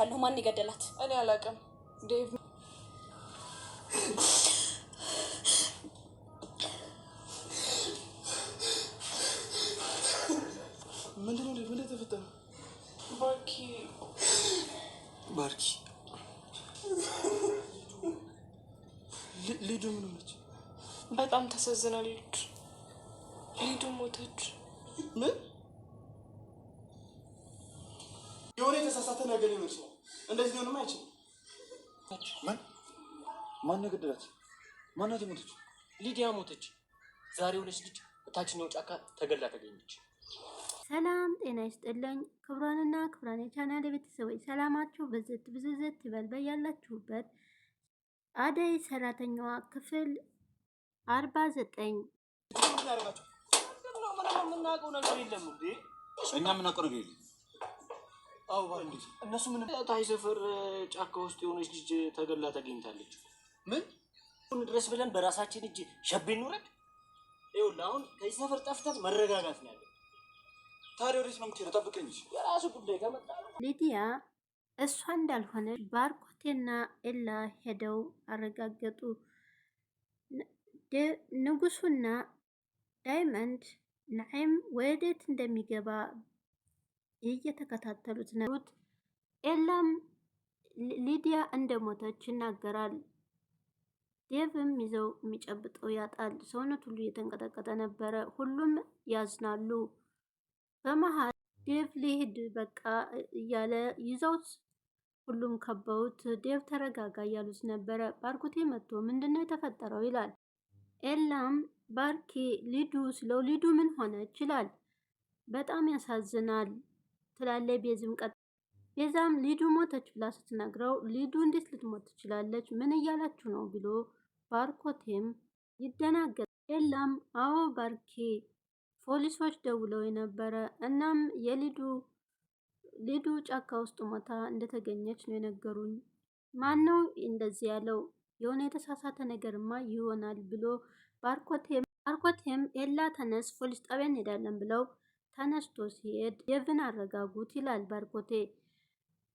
እጠይቅሻለሁ፣ ማን ይገደላት? እኔ አላውቅም። ዴቭ ምንድነው? ዴቭ እንደ ተፈጠረ ባርኪ ባርኪ ልጁ ምን ሆነች? በጣም ተሰዝናል። ልጁ ልጁ ሞተች። ምን የሆነ የተሳሳተ ነገር ይመስላል። እንደዚህ ሊሆንም አይችልም። ማን ገደላት? ማናት የሞተች? ሊዲያ ሞተች። ዛሬ የሆነች ልጅ እታችኛው ጫካ ተገላ ተገኘች። ሰላም ጤና ይስጥልኝ። ክብሯንና ክብሯን የቻናል ቤተሰቦች ሰላማችሁ ብዝት ብዝዝት ይበል በያላችሁበት። አደይ ሰራተኛዋ ክፍል አርባ ዘጠኝ እኛ የምናውቀው ነገር የለም። እነሱ ምን ታይ ሰፈር ጫካ ውስጥ የሆነች ልጅ ተገላ ተገኝታለች። ምን ድረስ ብለን በራሳችን እጅ ሸቤ እንውረድ? ይኸውልህ አሁን ሰፈር ጠፍተን መረጋጋት ነው ታዲያ ነው የምትሄደው? ጠብቀኝ፣ የራሱ ጉዳይ ከመጣ እሷ እንዳልሆነ ባርኮቴና ኤላ ሄደው አረጋገጡ። ንጉሱና ዳይመንድ ናዒም ወዴት እንደሚገባ እየተከታተሉት ነሩት። ኤላም ሊዲያ እንደሞተች ይናገራል። ዴቭም ይዘው የሚጨብጠው ያጣል። ሰውነት ሁሉ እየተንቀጠቀጠ ነበረ። ሁሉም ያዝናሉ። በመሀል ዴቭ ሊሄድ በቃ እያለ ይዘውት ሁሉም ከበውት ዴቭ ተረጋጋ እያሉት ነበረ። ባርኮቴ መጥቶ ምንድነው የተፈጠረው ይላል። ኤላም ባርኬ ሊዱ ስለው ሊዱ ምን ሆነች ይላል። በጣም ያሳዝናል ትላለች። ቤዝም ቀጥ ቤዛም ሊዱ ሞተች ብላ ስትነግረው ሊዱ እንዴት ልትሞት ትችላለች? ምን እያላችሁ ነው ብሎ ባርኮቴም ይደናገጥ። ኤላም አዎ ባርኬ ፖሊሶች ደውለው የነበረ እናም የሊዱ ሊዱ ጫካ ውስጥ ሞታ እንደተገኘች ነው የነገሩኝ። ማን ነው እንደዚህ ያለው? የሆነ የተሳሳተ ነገርማ ይሆናል ብሎ ባርኮቴም ባርኮቴም ኤላ ተነስ ፖሊስ ጣቢያ እንሄዳለን ብለው ተነስቶ ሲሄድ የቭን አረጋጉት ይላል ባርኮቴ።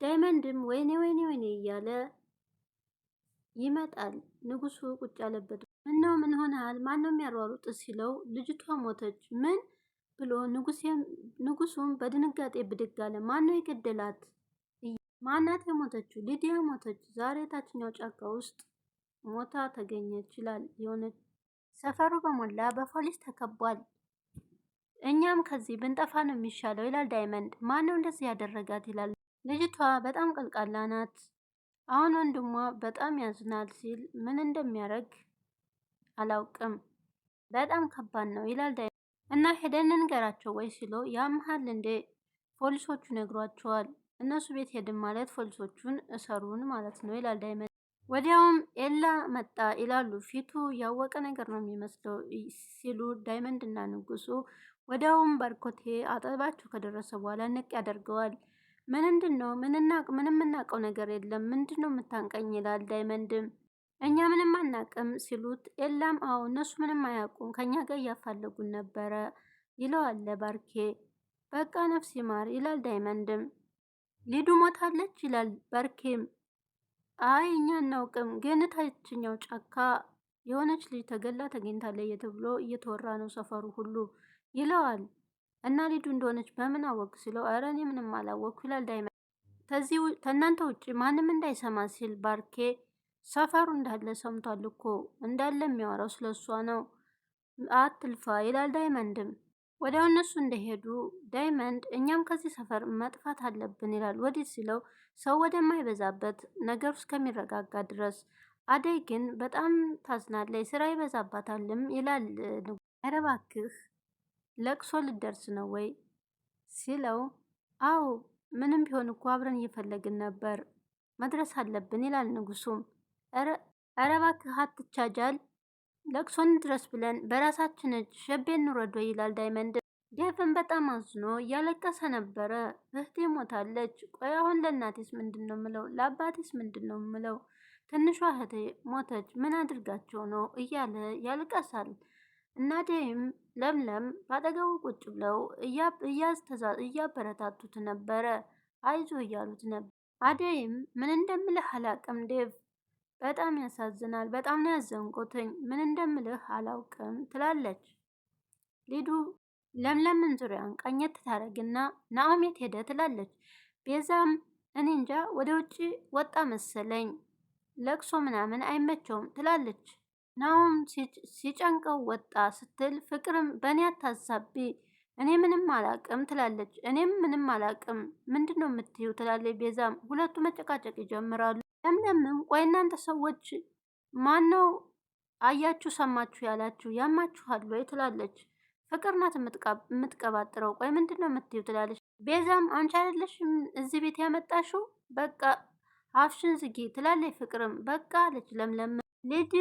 ዳይመንድም ወይኔ ወይኔ ወይኔ እያለ ይመጣል። ንጉሱ ቁጭ ያለበት ምነው ምን ሆነሃል? ነው የሚያሯሩጥ ሲለው ልጅቷ ሞተች። ምን ብሎ ንጉሱም በድንጋጤ ብድግ አለ። ማነው የገደላት? ማናት የሞተችው? ሊዲያ ሞተች። ዛሬ ታችኛው ጫካ ውስጥ ሞታ ተገኘች ይላል። የሆነች ሰፈሩ በሞላ በፖሊስ ተከቧል። እኛም ከዚህ ብንጠፋ ነው የሚሻለው ይላል ዳይመንድ። ማነው እንደዚህ ያደረጋት ይላል። ልጅቷ በጣም ቀልቃላ ናት። አሁን ወንድሟ በጣም ያዝናል ሲል ምን እንደሚያደርግ አላውቅም። በጣም ከባድ ነው ይላል ዳይመንድ። እና ሄደን እንገራቸው ወይ ሲሎ ያምሃል እንዴ ፖሊሶቹ ነግሯቸዋል። እነሱ ቤት ሄድን ማለት ፖሊሶቹን እሰሩን ማለት ነው ይላል ዳይመንድ። ወዲያውም ኤላ መጣ ይላሉ። ፊቱ ያወቀ ነገር ነው የሚመስለው ሲሉ ዳይመንድ እና ንጉሱ ወዲያውም ባርኮቴ አጠባችሁ ከደረሰ በኋላ ንቅ ያደርገዋል። ምንድን ነው ምንም እናውቀው ነገር የለም፣ ምንድን ነው የምታንቀኝ ይላል ዳይመንድም። እኛ ምንም አናቅም ሲሉት የለም አዎ እነሱ ምንም አያውቁም ከእኛ ጋር እያፋለጉን ነበረ ይለዋል ባርኬ። በቃ ነፍስ ይማር ይላል ዳይመንድም። ሊዱ ሞታለች ይላል ባርኬም። አይ እኛ እናውቅም፣ ግን ታችኛው ጫካ የሆነች ልጅ ተገላ ተገኝታለች ተብሎ እየተወራ ነው ሰፈሩ ሁሉ። ይለዋል። እና ሊዱ እንደሆነች በምን አወቅ ሲለው ኧረ እኔ ምንም አላወቅኩ ይላል። ዳይመ ከዚህ ከእናንተ ውጭ ማንም እንዳይሰማ ሲል ባርኬ ሰፈሩ እንዳለ ሰምቷል እኮ እንዳለ የሚያወራው ስለሷ ነው አትልፋ ይላል። ዳይመንድም ወዲያው እነሱ እንደሄዱ ዳይመንድ እኛም ከዚህ ሰፈር መጥፋት አለብን ይላል። ወዲህ ሲለው ሰው ወደማይበዛበት ነገር ውስጥ ከሚረጋጋ ድረስ አደይ ግን በጣም ታዝናለች፣ ስራ ይበዛባታልም ይላል። ኧረ እባክህ ለቅሶ ልደርስ ነው ወይ ሲለው፣ አዎ ምንም ቢሆን እኮ አብረን እየፈለግን ነበር፣ መድረስ አለብን ይላል ንጉሱም። ኧረ እባክህ አትቻጃል፣ ለቅሶ እንድረስ ብለን በራሳችን እጅ ሸቤን እንረዶ ይላል ዳይመንድ። ዴቭን በጣም አዝኖ እያለቀሰ ነበረ። እህቴ ሞታለች። ቆይ አሁን ለእናቴስ ምንድን ነው ምለው? ለአባቴስ ምንድን ነው ምለው? ትንሿ እህቴ ሞተች። ምን አድርጋቸው ነው እያለ ያልቀሳል። እናዴም ለምለም ባጠገቡ ቁጭ ብለው እያበረታቱት ነበረ። አይዞ እያሉት ነበር። አደይም ምን እንደምልህ አላቅም ዴቭ፣ በጣም ያሳዝናል። በጣም ነው ያዘንቁትኝ። ምን እንደምልህ አላውቅም ትላለች ሊዱ። ለምለምን ዙሪያን ቀኘት ታደርግና ናኦሜት ሄደ ትላለች። ቤዛም እኔ እንጃ ወደ ውጭ ወጣ መሰለኝ ለቅሶ ምናምን አይመቸውም ትላለች። ናሆም ሲጨንቀው ወጣ ስትል ፍቅርም በእኔ አታዛቢ እኔ ምንም አላቅም ትላለች። እኔም ምንም አላቅም ምንድን ነው የምትይው ትላለች። ቤዛም ሁለቱ መጨቃጨቅ ይጀምራሉ። ለምለምም ቆይ እናንተ ሰዎች ማነው አያችሁ ሰማችሁ ያላችሁ ያማችኋል ወይ ትላለች። ፍቅር ናት የምትቀባጥረው። ቆይ ምንድን ነው የምትይው ትላለች። ቤዛም አንቺ አይደለሽም እዚህ ቤት ያመጣሽው በቃ አፍሽን ዝጊ ትላለች። ፍቅርም በቃ አለች። ለምለም ልጅ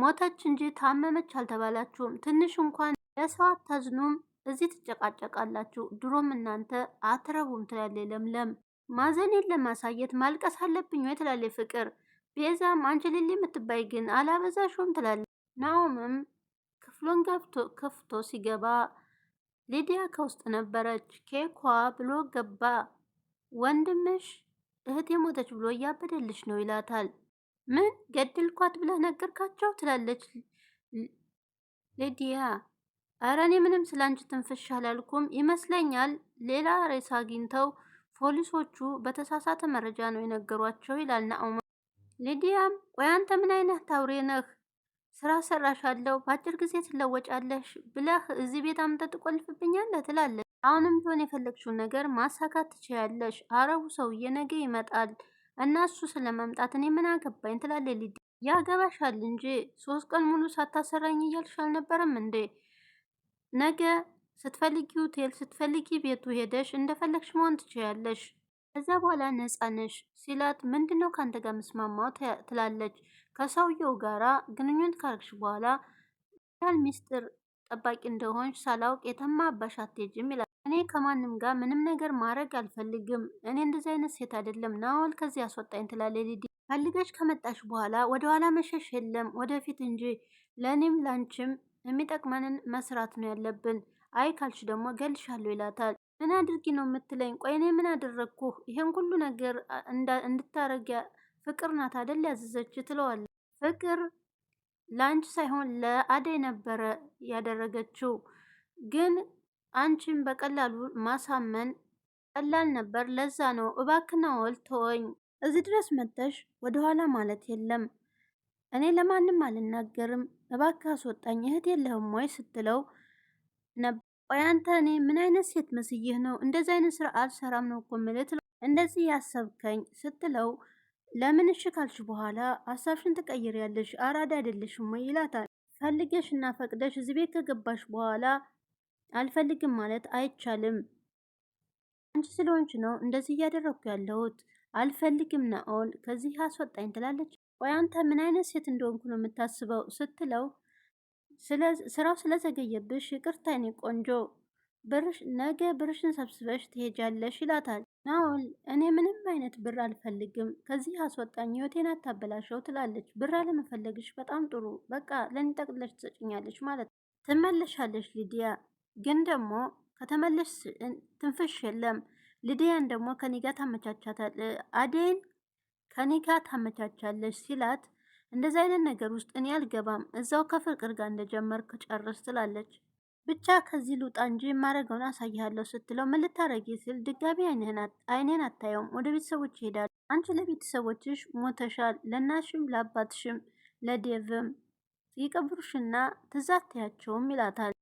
ሞተች እንጂ ታመመች አልተባላችሁም። ትንሽ እንኳን ለሰው አታዝኑም፣ እዚህ ትጨቃጨቃላችሁ። ድሮም እናንተ አትረቡም ትላለች ለምለም። ማዘኔን ለማሳየት ማልቀስ አለብኝ ወይ ትላለች ፍቅር። ቤዛም አንቺ ሊሊ የምትባይ ግን አላበዛሽውም ትላለች። ናኦምም ክፍሉን ከፍቶ ሲገባ ሊዲያ ከውስጥ ነበረች። ኬኳ ብሎ ገባ። ወንድምሽ እህቴ ሞተች ብሎ እያበደልሽ ነው ይላታል። ምን ገድልኳት ብለህ ነገርካቸው? ትላለች ሌዲያ። ኧረ እኔ ምንም አንቺ ትንፍሽ አላልኩም ይመስለኛል። ሌላ ሬሳ አግኝተው ፖሊሶቹ በተሳሳተ መረጃ ነው የነገሯቸው ይላል ናኦማ። ሊዲያም ቆይ አንተ ምን አይነት ታውሬ ነህ? ስራ ሰራሽ አለው በአጭር ጊዜ ትለወጫለሽ ብለህ እዚህ ቤት አምጥተህ ትቆልፍብኛለህ ትላለች። አሁንም ቢሆን የፈለግሽውን ነገር ማሳካት ትችያለሽ። አረቡ ሰውዬ ነገ ይመጣል እና እሱ ስለመምጣት እኔ ምን አገባኝ ትላለች ሊዲያ። ያገባሻል እንጂ ሶስት ቀን ሙሉ ሳታሰራኝ እያልሽ አልነበረም እንዴ? ነገ ስትፈልጊ ሆቴል፣ ስትፈልጊ ቤቱ ሄደሽ እንደፈለግሽ መሆን ትችያለሽ። ከዛ በኋላ ነፃ ነሽ ሲላት ምንድን ነው ከአንተ ጋር ምስማማው ትላለች። ከሰውየው ጋራ ግንኙነት ካረግሽ በኋላ ያል ሚስጥር ጠባቂ እንደሆንሽ ሳላውቅ የተማ አባሽ አትሄጂም ይላል። እኔ ከማንም ጋር ምንም ነገር ማድረግ አልፈልግም። እኔ እንደዚህ አይነት ሴት አይደለም። ናኦል ከዚህ አስወጣኝ ትላለች ሊዲ። ፈልገሽ ከመጣሽ በኋላ ወደኋላ መሸሽ የለም ወደፊት እንጂ። ለእኔም ላንችም የሚጠቅመንን መስራት ነው ያለብን። አይ ካልሽ ደግሞ ገልሻለሁ ይላታል። ምን አድርጊ ነው የምትለኝ? ቆይ እኔ ምን አደረግኩ? ይሄን ሁሉ ነገር እንድታረጊያ ፍቅር ናት አደል ያዘዘች ትለዋል። ፍቅር ላንች ሳይሆን ለአደይ ነበረ ያደረገችው ግን አንቺን በቀላሉ ማሳመን ቀላል ነበር። ለዛ ነው እባክና ወል ተወኝ። እዚህ ድረስ መጥተሽ ወደኋላ ማለት የለም። እኔ ለማንም አልናገርም። እባክ አስወጣኝ። እህት የለህም ወይ ስትለው ነበር። አንተ እኔ ምን አይነት ሴት መስይህ ነው? እንደዚህ አይነት ስራ አልሰራም ነው እኮ ምልት እንደዚህ ያሰብከኝ ስትለው ለምን እሺ ካልሽ በኋላ ሀሳብሽን ትቀይር ያለሽ አራዳ አይደለሽም ወይ ይላታል። ፈልገሽ እና ፈቅደሽ እዚህ ቤት ከገባሽ በኋላ አልፈልግም ማለት አይቻልም። አንቺ ስለሆንች ነው እንደዚህ እያደረግኩ ያለሁት። አልፈልግም ናኦል፣ ከዚህ አስወጣኝ ትላለች። ቆይ አንተ ምን አይነት ሴት እንደሆንኩ ነው የምታስበው? ስትለው ስራው ስለዘገየብሽ ይቅርታ የኔ ቆንጆ፣ ነገ ብርሽን ሰብስበሽ ትሄጃለሽ ይላታል ናኦል። እኔ ምንም አይነት ብር አልፈልግም፣ ከዚህ አስወጣኝ፣ ህይወቴን አታበላሸው ትላለች። ብር አለመፈለግሽ በጣም ጥሩ፣ በቃ ለእኔ ጠቅለሽ ትሰጭኛለሽ ማለት ነው። ትመለሻለሽ ሊዲያ ግን ደግሞ ከተመለስ ትንፍሽ የለም። ልድያን ደግሞ ከኒጋ ታመቻቻታል አዴን ከኒጋ ታመቻቻለች ሲላት እንደዚ አይነት ነገር ውስጥ እኔ አልገባም፣ እዛው ከፍቅር ጋር እንደጀመርክ ጨርስ ትላለች። ብቻ ከዚህ ልውጣ እንጂ የማረገውን አሳይሃለሁ ስትለው ምን ልታረጊ ሲል ድጋሚ አይኔን አታየውም። ወደ ቤተሰቦች ይሄዳል። አንቺ ለቤተሰቦችሽ ሞተሻል፣ ለእናትሽም ለአባትሽም ለዴቭም ይቅብሩሽና ትዛትያቸውም ይላታል።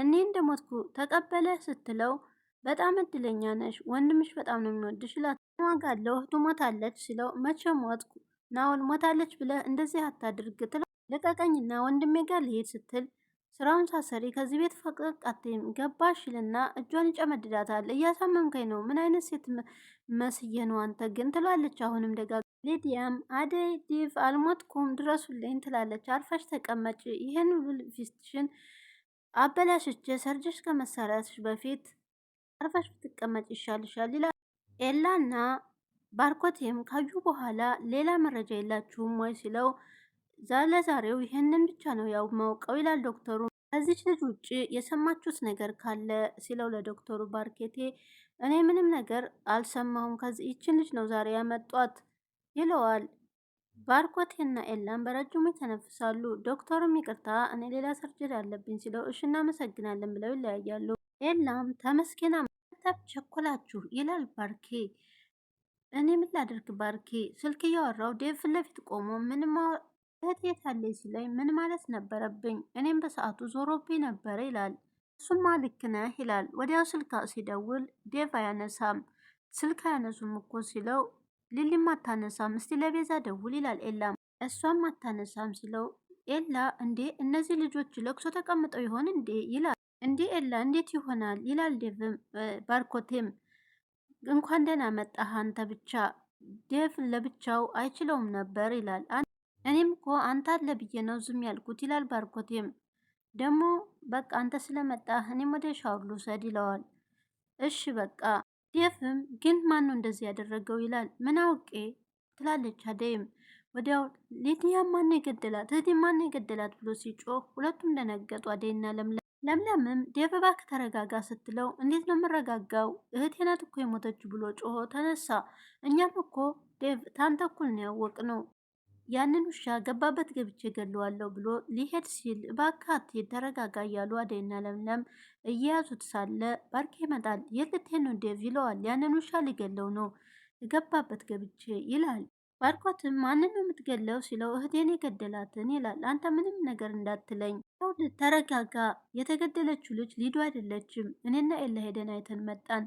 እኔ እንደሞትኩ ተቀበለ ስትለው በጣም እድለኛ ነሽ፣ ወንድምሽ በጣም ነው የሚወድሽ ይላታል። ዋጋለሁ እህቱ ሞታለች ሲለው መቼ ሞትኩ ናውል ሞታለች ብለህ እንደዚህ አታድርግ ትለው። ልቀቀኝና ወንድሜ ጋር ልሄድ ስትል ስራውን ሳሰሪ ከዚህ ቤት ፈቀቅ አትይም ገባሽ ይልና እጇን ይጨመድዳታል። እያሳመምከኝ ነው፣ ምን አይነት ሴት መስዬ ነው አንተ ግን ትላለች። አሁንም ደጋ ሊዲያም አደይ ዲቭ አልሞትኩም ድረሱልኝ ትላለች። አርፈሽ ተቀመጭ ይህን ቪስትሽን አበላሽቼ ሰርጀሽ ከመሰራትሽ በፊት አርፈሽ ብትቀመጭ ይሻልሻል ይላል። ኤላና ባርኮቴም ካዩ በኋላ ሌላ መረጃ የላችሁም ወይ ሲለው ለዛሬው ይህንን ብቻ ነው ያው ማውቀው ይላል ዶክተሩ። ከዚች ልጅ ውጭ የሰማችሁት ነገር ካለ ሲለው ለዶክተሩ ባርኬቴ እኔ ምንም ነገር አልሰማሁም፣ ከዚህ ይችን ልጅ ነው ዛሬ ያመጧት ይለዋል። ባርኮቴና ኤላን በረጅሙ ይተነፍሳሉ። ዶክተሩም ይቅርታ እኔ ሌላ ሰርጀሪ አለብኝ ሲለው እሽ እናመሰግናለን ብለው ይለያያሉ። ኤላም ተመስገና መጠብ ቸኮላችሁ ይላል ባርኬ። እኔ ምን ላደርግ ባርኬ ስልክ እያወራው ዴቭ ፊት ለፊት ቆሞ ምንም እህቴ የታለች ሲለኝ ምን ማለት ነበረብኝ እኔም በሰዓቱ ዞሮብኝ ነበረ ይላል። እሱማ ልክ ነህ ይላል። ወዲያው ስልክ ሲደውል ዴቭ አያነሳም። ስልክ አያነሱም እኮ ሲለው ሊሊም አታነሳም፣ እስቲ ለቤዛ ደውል ይላል ኤላም። እሷም አታነሳም ሲለው ኤላ እንዴ እነዚህ ልጆች ለቅሶ ተቀምጠው ይሆን እንዴ ይላል። እንዴ ኤላ እንዴት ይሆናል ይላል ዴቭም ባርኮቴም። እንኳን ደህና መጣህ አንተ ብቻ ዴቭ ለብቻው አይችለውም ነበር ይላል። እኔም እኮ አንተ አለ ብዬ ነው ዝም ያልኩት ይላል ባርኮቴም። ደግሞ በቃ አንተ ስለመጣህ እኔም ወደ ሻውር ልውሰድ ይለዋል። እሺ በቃ ዴፍም ግን ማን እንደዚህ ያደረገው ይላል። ምን አውቄ ትላለች አደይም። ወዲያው ሊዲያ ማን የገደላት እህቴ ማን የገደላት ብሎ ሲጮህ ሁለቱም ደነገጡ። አደይና ለምለም ለምለምም ዴፍ እባክህ ተረጋጋ ስትለው እንዴት ነው የምረጋጋው እህቴ ናት እኮ የሞተች ብሎ ጮሆ ተነሳ። እኛም እኮ ዴቭ ታንተ እኩል ነው ያንን ውሻ ገባበት ገብቼ ገለዋለሁ ብሎ ሊሄድ ሲል ባካት ተረጋጋ እያሉ አደይና ለምለም እየያዙት ሳለ ባርኬ ይመጣል። የልትሄን ነው ዴቭ ይለዋል። ያንን ውሻ ሊገለው ነው ገባበት ገብቼ ይላል። ባርኮትም ማንን የምትገለው ሲለው እህቴን የገደላትን ይላል። አንተ ምንም ነገር እንዳትለኝ ተረጋጋ፣ የተገደለችው ልጅ ሊዱ አይደለችም። እኔና ኤላ ሄደን አይተን መጣን።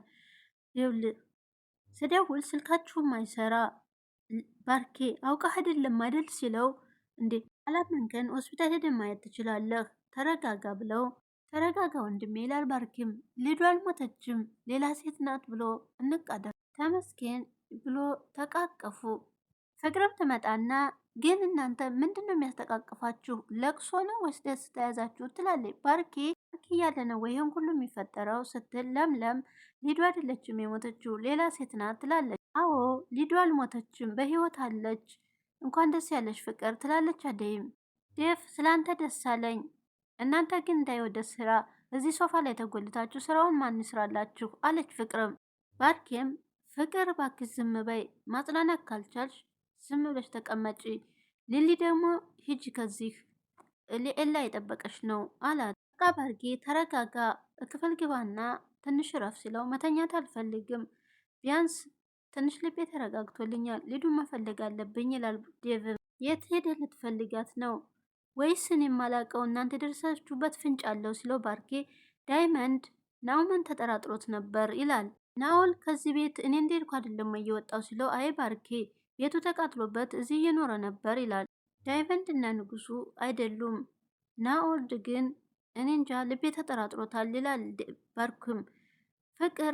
ስደውል ስልካችሁም አይሰራ ባርኬ አውቀህ አይደለም አይደል ሲለው፣ እንዴ አላመንከን ሆስፒታል ሄደን ማየት ትችላለህ፣ ተረጋጋ ብለው ተረጋጋ ወንድሜ ይላል። ባርኬም ልዱ አልሞተችም ሌላ ሴት ናት ብሎ እንቃደ ተመስገን ብሎ ተቃቀፉ። ፍቅርም ትመጣና ግን እናንተ ምንድን ነው የሚያስተቃቅፋችሁ? ለቅሶ ነው ወይስ ደስታ ያዛችሁ? ትላለች ባርኬ እያለ ነው ይህም ሁሉ የሚፈጠረው ስትል ለምለም ሊዱ አይደለችም የሞተችው ሌላ ሴት ናት ትላለች። አዎ ሊዱ አልሞተችም፣ በህይወት አለች። እንኳን ደስ ያለሽ ፍቅር ትላለች አደይም። ዴፍ ስላንተ ደስ አለኝ። እናንተ ግን እንዳይ ወደ ስራ እዚህ ሶፋ ላይ ተጎልታችሁ ስራውን ማን ይስራላችሁ? አለች ፍቅርም። ባርኬም ፍቅር ባክሽ ዝም በይ፣ ማጽናናት ካልቻልሽ ዝም ብለሽ ተቀመጪ። ሊሊ ደግሞ ሂጂ ከዚህ ሊኤላ የጠበቀች ነው አላት። በቃ ባርጌ ተረጋጋ፣ ክፍል ግባና ትንሽ ረፍ ሲለው መተኛት አልፈልግም ቢያንስ ትንሽ ልቤ ተረጋግቶልኛል። ሊዱን መፈለግ አለብኝ ይላል ዴቭ። የት ሄደ ልትፈልጋት ነው ወይስ እኔ ማላቀው እናንተ ደርሳችሁበት ፍንጭ አለው ሲለው ባርኬ ዳይመንድ ናውመን ተጠራጥሮት ነበር ይላል። ናኦል ከዚህ ቤት እኔ ኳ አይደለም እየወጣው ሲለው አይ ባርኬ ቤቱ ተቃጥሎበት እዚህ እየኖረ ነበር ይላል። ዳይመንድ እና ንጉሱ አይደሉም። ናኦልድ ግን እኔ እንጃ ልቤ ተጠራጥሮታል ይላል። ባርኩም ፍቅር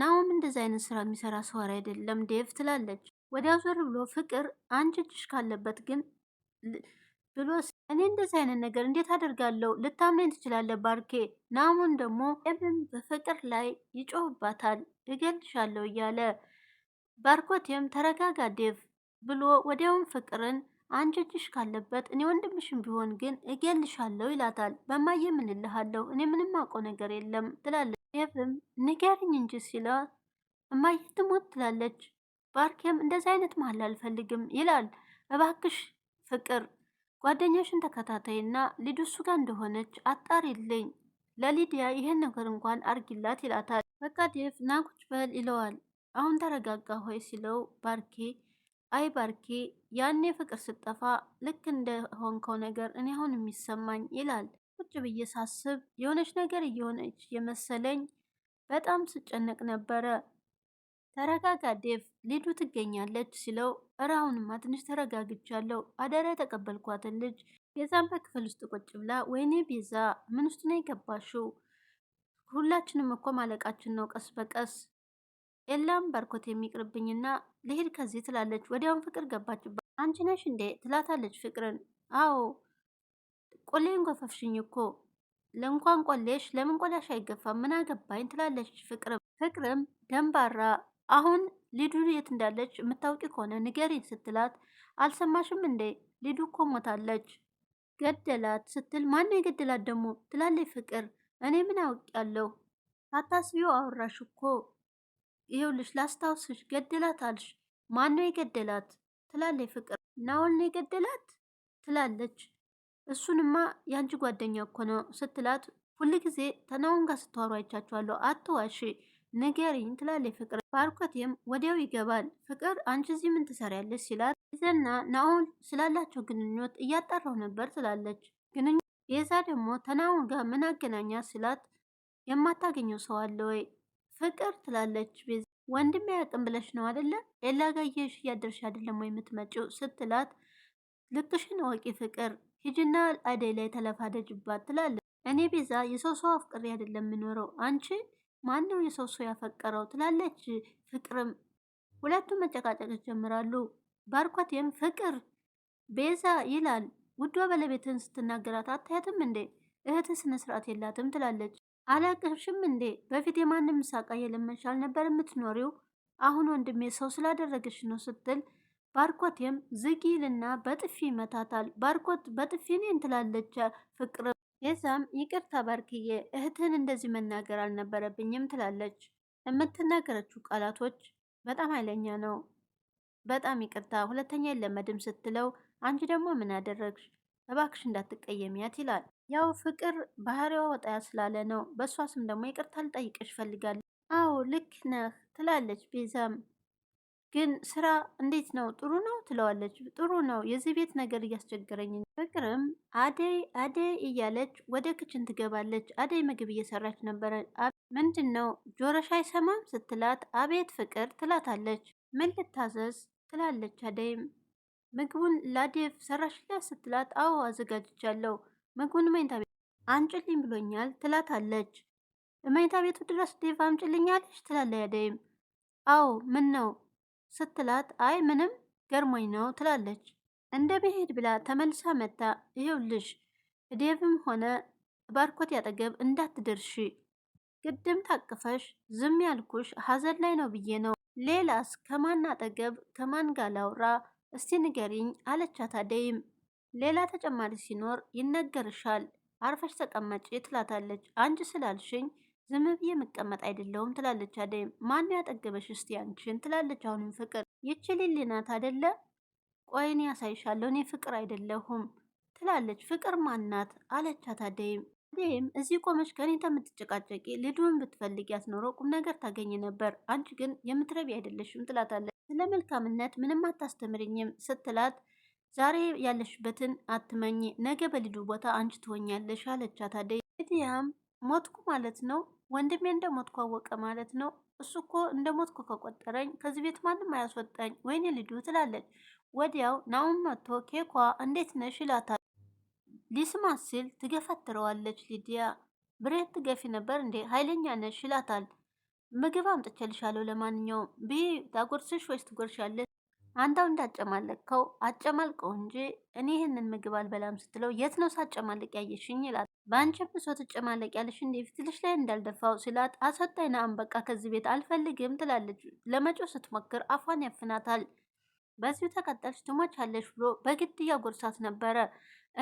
ናውም እንደዚህ አይነት ስራ የሚሰራ ሰው አይደለም ዴቭ ትላለች። ወዲያው ዞር ብሎ ፍቅር አንቺ እጅሽ ካለበት ግን ብሎ እኔ እንደዚህ አይነት ነገር እንዴት አደርጋለሁ? ልታምነኝ ትችላለህ ባርኬ። ናሙን ደግሞ ኤብም በፍቅር ላይ ይጮህባታል፣ እገልሻለሁ እያለ ባርኮቴም ተረጋጋ ዴቭ ብሎ ወዲያውን ፍቅርን አንቺ እጅሽ ካለበት እኔ ወንድምሽም ቢሆን ግን እገልሻለሁ ይላታል። በማየ እኔ ምንም አውቀው ነገር የለም ትላለች። ኤቭም ንገርኝ እንጂ ሲለው እማዬ ትሞት ትላለች። ባርኬም እንደዚህ አይነት መሀል አልፈልግም ይላል። እባክሽ ፍቅር ጓደኛሽን ተከታታይና ሊዱ እሱ ጋር እንደሆነች አጣሪልኝ፣ ለሊዲያ ይሄን ነገር እንኳን አርጊላት ይላታል። በቃ ዴፍ ና ቁጭ በል ይለዋል። አሁን ተረጋጋ ሆይ ሲለው ባርኬ አይ ባርኬ ያኔ ፍቅር ስጠፋ ልክ እንደሆንከው ነገር እኔ አሁን የሚሰማኝ ይላል። ቁጭ ብዬ ሳስብ የሆነች ነገር እየሆነች የመሰለኝ በጣም ስጨነቅ ነበረ። ተረጋጋ ዴቭ፣ ሊዱ ትገኛለች ሲለው እረ ትንሽ ተረጋግቻለሁ። አደራ የተቀበልኳትን ልጅ ቤዛም በክፍል ውስጥ ቁጭ ብላ ወይኔ ቤዛ ምን ውስጥ ነው የገባሽው? ሁላችንም እኮ ማለቃችን ነው ቀስ በቀስ ኤላም በርኮት የሚቅርብኝና ልሄድ ከዚህ ትላለች። ወዲያውን ፍቅር ገባችባት። አንቺ ነሽ እንዴ ትላታለች ፍቅርን። አዎ ቆሌን ጎፈፍሽኝ እኮ ለእንኳን ቆሌሽ ለምን ቆዳሽ አይገፋም? ምን አገባኝ ትላለች ፍቅርም ፍቅርም ደንባራ አሁን ሊዱ የት እንዳለች የምታውቂ ከሆነ ንገሪ ስትላት አልሰማሽም እንዴ ሊዱ እኮ ሞታለች ገደላት ስትል ማን የገደላት ደግሞ ትላለች ፍቅር እኔ ምን አውቃለሁ ታታስቢው አወራሽ እኮ ይኸውልሽ ላስታውስሽ ገደላት አልሽ ማነው የገደላት ትላለች ፍቅር ናውል ነው የገደላት ትላለች እሱንማ የአንቺ ጓደኛ እኮ ነው ስትላት፣ ጊዜ ተናውን ጋር ስተዋሩ አይቻችኋለሁ፣ አትዋሺ ንገሪኝ ትላለች ፍቅር። ባርኮቴም ወዲያው ይገባል። ፍቅር አንቺ እዚህ ምን ትሰሪያለች ሲላት፣ ቤዛና ናኦል ስላላቸው ግንኙነት እያጣራው ነበር ትላለች። ግንኙነት ቤዛ ደግሞ ተናውን ጋር ምን አገናኛ ሲላት፣ የማታገኘው ሰው አለ ወይ ፍቅር ትላለች ቤዛ። ወንድም ያቅም ብለሽ ነው አደለ ሌላ ጋየሽ እያደርሽ አደለም ወይ የምትመጪው ስትላት፣ ልክሽን ወቂ ፍቅር ሂጂና አደይ ላይ ተለፋደጅባት ትላለች። እኔ ቤዛ የሰው ሰው አፍቅሬ አይደለም የምኖረው አንቺ ማነው የሰው ሰው ያፈቀረው ትላለች። ፍቅርም ሁለቱም መጨቃጨቅ ይጀምራሉ። ባርኮቴም ፍቅር ቤዛ ይላል። ውዷ ባለቤትን ስትናገራት አታያትም እንዴ እህት ስነ ስርዓት የላትም ትላለች። አላቅሽም እንዴ በፊት የማንም ሳቃ የለመንሽ አልነበር የምትኖሪው አሁን ወንድሜ ሰው ስላደረገሽ ነው ስትል ባርኮቴም ዝጊልና በጥፊ ይመታታል። ባርኮት በጥፊ እኔን ትላለች ፍቅር። የዛም ይቅርታ ባርክዬ እህትን እንደዚህ መናገር አልነበረብኝም ትላለች። የምትናገረችው ቃላቶች በጣም ኃይለኛ ነው። በጣም ይቅርታ ሁለተኛ የለመድም ስትለው አንቺ ደግሞ ምን አደረግሽ እባክሽ እንዳትቀየሚያት ይላል። ያው ፍቅር ባህሪዋ ወጣ ስላለ ነው። በእሷ ስም ደግሞ ይቅርታ ልጠይቅሽ ፈልጋለሁ። አዎ ልክ ነህ ትላለች ቤዛም ግን ስራ እንዴት ነው? ጥሩ ነው ትለዋለች። ጥሩ ነው፣ የዚህ ቤት ነገር እያስቸገረኝ። ፍቅርም አደይ አደይ እያለች ወደ ክችን ትገባለች። አደይ ምግብ እየሰራች ነበረ። ምንድን ነው ጆሮሽ አይሰማም ስትላት፣ አቤት ፍቅር ትላታለች። ምን ልታዘዝ ትላለች። አደይም ምግቡን ላዴቭ ሰራሽላት ስትላት፣ አዎ አዘጋጅቻለሁ፣ ምግቡን መኝታ ቤት አንጭልኝ ብሎኛል ትላታለች። መኝታ ቤቱ ድረስ ዴቭ አምጭልኛለች ትላለች። አደይም አዎ ምን ነው ስትላት አይ ምንም ገርሞኝ ነው ትላለች። እንደ ብሄድ ብላ ተመልሳ መታ ልጅ ዴቭም ሆነ ባርኮት ያጠገብ እንዳትደርሺ ቅድም ታቅፈሽ ዝም ያልኩሽ ሀዘን ላይ ነው ብዬ ነው። ሌላስ ከማን አጠገብ ከማን ጋር ላውራ እስቲ ንገሪኝ አለቻት። አደይም ሌላ ተጨማሪ ሲኖር ይነገርሻል፣ አርፈሽ ተቀመጪ ትላታለች። አንቺ ስላልሽኝ ዝም ብዬ መቀመጥ አይደለሁም ትላለች። አደይም ማን ያጠገበሽ እስቲ አንቺን ትላለች። አሁንም ፍቅር ይቺ ሊሊ ናት አደለ? ቆይ እኔ ያሳይሻለሁ እኔ ፍቅር አይደለሁም ትላለች። ፍቅር ማናት አለቻት። አደይም አደይም እዚህ ቆመች ከኔ ከምትጨቃጨቂ ልዱን ብትፈልግ ያስኖረው ቁም ነገር ታገኝ ነበር፣ አንቺ ግን የምትረቢ አይደለሽም ትላታለች። ስለ መልካምነት ምንም አታስተምርኝም ስትላት ዛሬ ያለሽበትን አትመኝ፣ ነገ በልዱ ቦታ አንቺ ትሆኛለሽ አለቻት። አደይ ሊዲያም ሞትኩ ማለት ነው ወንድሜ እንደሞትኩ አወቀ ማለት ነው። እሱ እኮ እንደሞትኩ ከቆጠረኝ ከዚህ ቤት ማንም አያስወጣኝ። ወይኔ ልጁ ትላለች። ወዲያው ናውም መጥቶ ኬኳ እንዴት ነሽ ይላታል። ሊስማ ሲል ትገፈትረዋለች። ሊዲያ ብሬት ትገፊ ነበር እንዴ ኃይለኛ ነሽ ይላታል። ምግብ አምጥቼልሻለሁ ለማንኛውም ብይ ታጎርስሽ ወይስ ትጎርሻለሽ? አንተው እንዳጨማለቅከው አጨማልቀው እንጂ እኔ ይህንን ምግብ አልበላም ስትለው የት ነው ሳጨማለቅ ያየሽኝ ይላል። በአንቺ ብሶ ትጨማለቅ ያለሽ እንዴ ፊትልሽ ላይ እንዳልደፋው ሲላት አስወጣኝ ናም በቃ ከዚህ ቤት አልፈልግም ትላለች። ለመጮ ስትሞክር አፏን ያፍናታል። በዚሁ ተቀጠልሽ ትሞቻለሽ ብሎ በግድ እያጎርሳት ነበረ።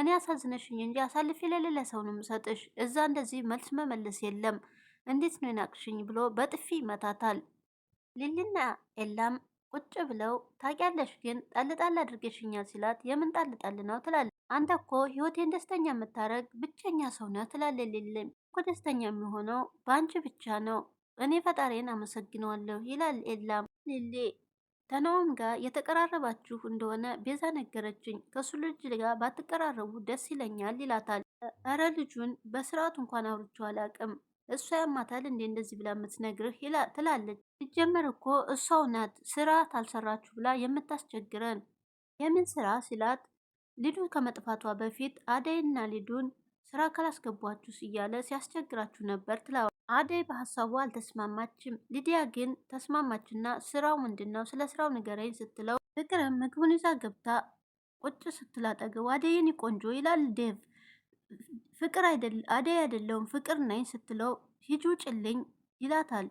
እኔ አሳዝነሽኝ እንጂ አሳልፌ ለሌላ ሰው ነው የምሰጥሽ። እዛ እንደዚህ መልስ መመለስ የለም እንዴት ነው የናቅሽኝ? ብሎ በጥፊ ይመታታል። ሊሊና ኤላም ቁጭ ብለው ታውቂያለሽ፣ ግን ጣልጣል አድርገሽኛል ሲላት የምን ጣልጣል ነው ትላለች። አንተ እኮ ህይወቴን ደስተኛ የምታደርግ ብቸኛ ሰው ነህ ትላለች። ሌለም እኮ ደስተኛ የሚሆነው በአንቺ ብቻ ነው፣ እኔ ፈጣሪን አመሰግነዋለሁ ይላል። ኤላም ሌሌ ተናውም ጋር የተቀራረባችሁ እንደሆነ ቤዛ ነገረችኝ። ከሱ ልጅ ጋር ባትቀራረቡ ደስ ይለኛል ይላታል። እረ ልጁን በስርዓቱ እንኳን አውርቼው አላቅም እሷ ያማታል እንዴ እንደዚህ ብላ የምትነግርህ ትላለች። ሲጀመር እኮ እሷው ናት ስራ ታልሰራችሁ ብላ የምታስቸግረን። የምን ስራ ሲላት ሊዱ ከመጥፋቷ በፊት አደይና ሊዱን ስራ ካላስገቧችሁ እያለ ሲያስቸግራችሁ ነበር ትላዋል። አደይ በሀሳቡ አልተስማማችም። ሊዲያ ግን ተስማማችና ስራው ምንድን ነው ስለ ስራው ንገረኝ ስትለው ፍቅርም ምግቡን ይዛ ገብታ ቁጭ ስትላጠገው አደይን ቆንጆ ይላል ዴቭ ፍቅር አደይ አይደለውም ፍቅር ነኝ ስትለው ሂጂ ውጭልኝ ይላታል።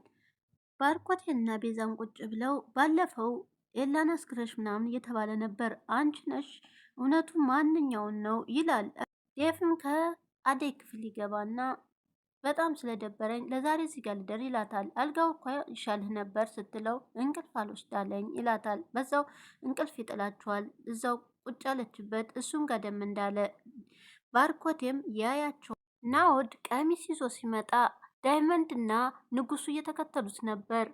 ባርኮቴና ቤዛም ቁጭ ብለው ባለፈው ኤላን አስክረሽ ምናምን እየተባለ ነበር አንቺ ነሽ እውነቱ ማንኛውን ነው ይላል። ዴፍም ከአደይ ክፍል ይገባና በጣም ስለደበረኝ ለዛሬ እዚህ ጋር ልደር ይላታል። አልጋው እኮ ይሻልህ ነበር ስትለው እንቅልፍ አልወስዳለኝ ይላታል። በዛው እንቅልፍ ይጥላችኋል እዛው ቁጭ ያለችበት እሱም ጋደም እንዳለ ባርኮቴም ያያቸው። ናኦድ ቀሚስ ይዞ ሲመጣ እና ንጉሱ እየተከተሉት ነበር።